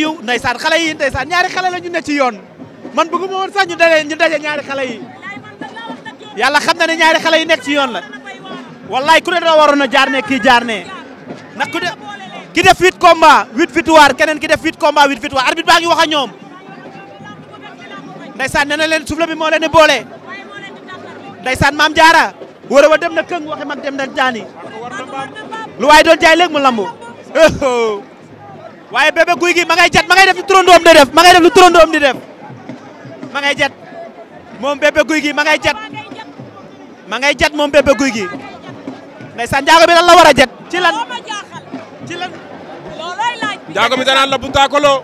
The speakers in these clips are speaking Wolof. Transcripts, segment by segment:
yu ndeysaan xale yi ndeysaan ñaari xale la ñu ne ci yoon man bëggu ma woon sax ñu daje ñu daje ñaari xale yi yàlla xam na ne ñaari xale yi nekk ci yoon la wallaay ku ne da waroon a jaar ne kii jaar ne ndax ku de ki def huit combat huit victoire keneen ki def huit combat wit fit arbitre baa ngi wax ak ñoom ndeysaan nee na leen suuf la bi moo leen di boole ndeysaan maam jaara wóor wa dem na këng waxe mag dem na jaani lu doon jaay léegi mu lambu waaye bébé guy gi ma ngay jat ma ngay def lu turandoom di def ma ngay def lu turandoom di def ma jat moom bébé guy gi ma ngay jat ngay jat moom bébé guy gi ndeysaan njaago bi lan la war a jat ci lan ci lan bi danaan la buntaakolo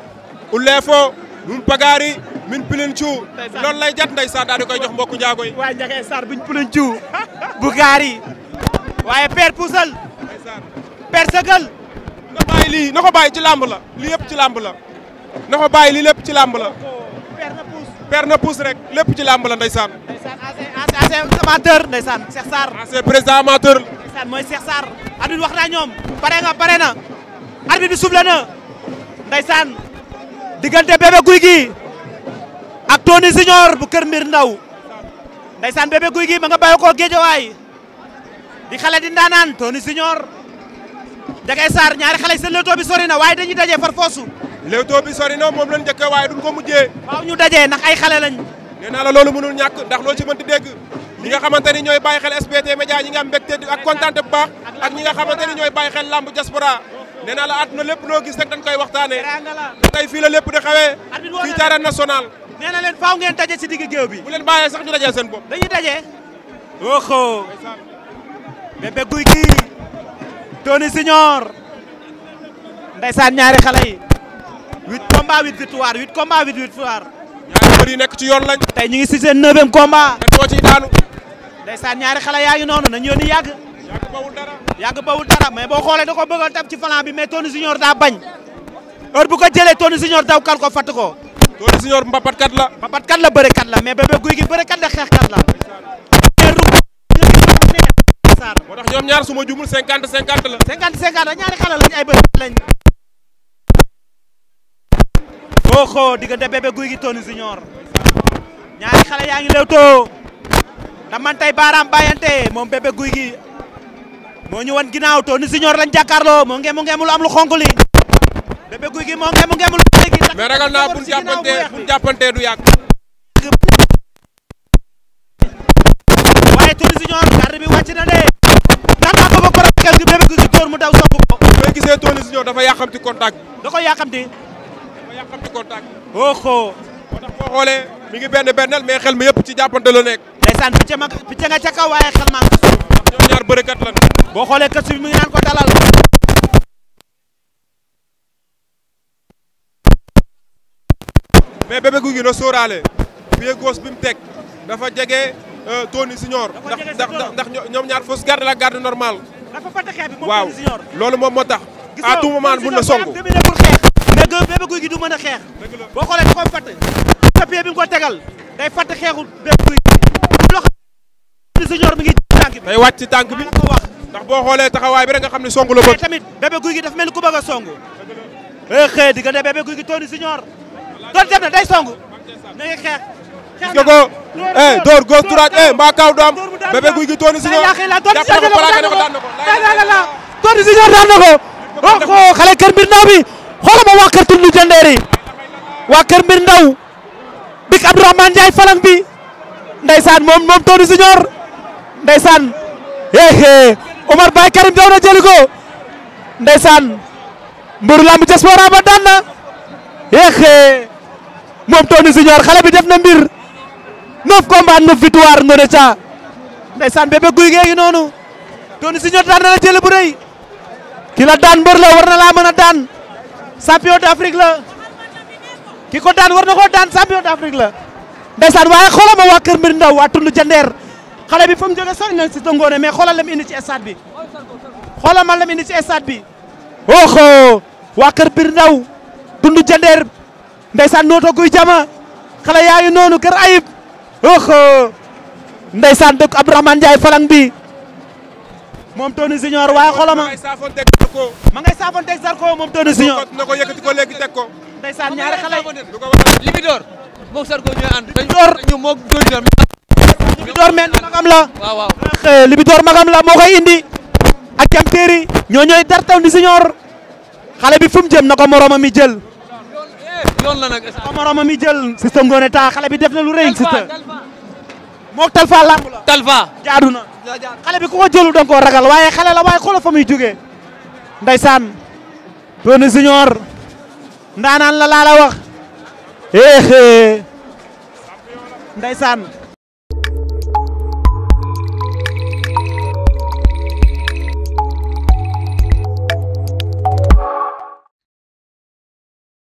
ulleefo nun pagaari min pilin ciu loolu lay jat ndeysaan daal di koy jox mbokku njaago yi waaye njakay sar buñ pilin ciu bu gaari waaye père pousal père sëgal lii na ko bàyyi ci làmb la lii yëpp ci làmb la na ci làmb la. per na pousse rek lépp ci làmb la ndeysaan. ndeysaan ancien amateur ndeysaan Cheikh Sarr. ancien président amateur. mooy Cheikh Sarr. arbitre wax naa ñoom pare nga pare na. arbitre bi soufflé na ndeysaan diggante bébé guy gi ak Tony Junior bu Kër Mbir Ndaw ndeysaan bébé guy gi ma nga bàyyi ko géejawaay di xale di ndaanaan Tony Junior. Ndiakhate Sarr ñaari xale seen leetoo bi sori na waaye dañuy daje far foosu. leetoo bi sori na moom lañ njëkkee waaye duñ ko mujjee. waaw ñu dajee ndax ay xale lañ. nee naa la loolu mënul ñàkk ndax loo ci nga xamante ni ñooy bàyyi xel SBT Média ñi nga am mbégte ak kontaan bu baax ak ñi nga xamante ni ñooy bàyyi lamb diaspora nee naa la àdduna lépp loo gis rek dañ koy waxtaanee te tey fii la lépp di xewee fii ci arène nationale nee na leen faaw ngeen daje si digg géew bi bu leen bàyyee sax ñu dajee seen bopp dañuy dajee oxo bébé Tony Signor ndeysaan ñaari xale yi huit combat huit victoire huit combat huit victoire ñaari mbër yi nekk ci yoon lañ tey ñu ngi si seen neuvième combat kenn moo ciy ñaari xale yaa ngi noonu nañ yoon yàgg yàgg bawul dara yàgg bawul boo xoolee da ko bëgg a tab ci flanc bi mais Tony Signor daa bañ heure bu ko jëlee Tony Signor daw kal ko fatt ko Tony Signor mbapatkat la mbapatkat la bërekat la mais Bébé Gouy Gui bërekat la xeexkat la ñaar suma jumul cinquante cinquante la. cinquante cinquante ñaari xale lañ ay bëri lañ. Oxo diggante Bébé gi Gui Tony Junior ñaari xale yaa ngi lewtoo da man tey baaraam moom Bébé guy gi moo ñu wan ginnaaw Tony Junior lañ jàkkaarloo moo ngemu ngemu lu am lu xonk li Bébé Gouy Gui moo ngemu ngemu lu xonk li mais naa buñ jàppantee buñ du yàgg waaye Tony Junior garde bi wàcc de yàqamti contact bi. da ko yàqamti. ko yàqamti contact bi. oho. moo tax ngi benn bennal mais xel mi yëpp ci jàppante la nekk. ndeysaan picc ma ca kaw waaye xel maa ngi suuf. boo xoolee kës bi mi ngi naan ko dalal. bi mu teg dafa jege euh, Tony si ndax ndax ndax ñoom ñaar fausse garde la garde normale. waaw loolu moom moo tax. à tout moment na song. mais gën Bébé du mën a xeex. boo xoolee da koy fatt. papier bi nga ko tegal day fatt xeexu Bébé Gouy Gui. loxo senior mi ngi tànk bi. day wàcc ci tànk bi ndax boo xoolee taxawaay bi rek nga xam ne song la bëgg. tamit Bébé Gouy Gui dafa mel ni ku bëgg a song. day eh, xëy diggante Bébé Gouy Gui Tony dem na day song. na xeex. ko eh door góor turaaj eh mbaa kaw doom. Bébé Gouy Gui Tony Junior jàpp na ko plaqué na ko daan na ko. Oh, oh xale kër mbir ndaw bi xoolal ma waa kër tundu jandeer waa kër mbir ndaw big Abdourahmane falang bi ndeysaan moom moom Tony Junior ndeysaan eh Omar Baye Karim daw na jëli ko ndeysaan mburu lamb diaspora ba daan na moom Tony Junior xale bi def na mbir neuf combats neuf victoire Ngone Dia ndeysaan bébé guy gi noonu Tony Junior daan la jëli bu ki la daan mbër la war na laa mën a daan champion d'Afrique la ki daan war na koo daan champion d'Afrique la ndeysaan waaye xoolal waa Kër Mbir Ndaw waa tund jandeer xale bi fa mu jógee sori na si dongoone mais xoolal la mu indi ci stade bi xoolal la mu indi ci stade bi oho waa Kër Mbir Ndaw tund jandeer ndeysaan nooto guy jama xale yaayu noonu kër ayib oho ndeysaan dëkk Abdourahmane Ndiaye falang bi moom Tony Junior waaye xolama ma ngay saafoon teg Zarko moom Tony Junior ko yëkkati ko léegi teg ko ndeysaan ñaari xale lu ko waral Libidor moom Zarko ñooy ànd dañ door ñu moog Tony Junior Libidor men magam la eh, Libidor magam la moo indi ak jam téeri ñoo ñooy dar Tony Junior xale bi fu mu jëm na ko moromam mi jël eh, yoon la nag ko moromam mi jël bi def na lu rëy System moog Talfa la Talfa xale bi ku ko jëlu danga ragal waaye xale la waaye xoolal fa muy jógee ndeysaan Tony Junior ndaanaan la laa la wax eh eh ndeysaan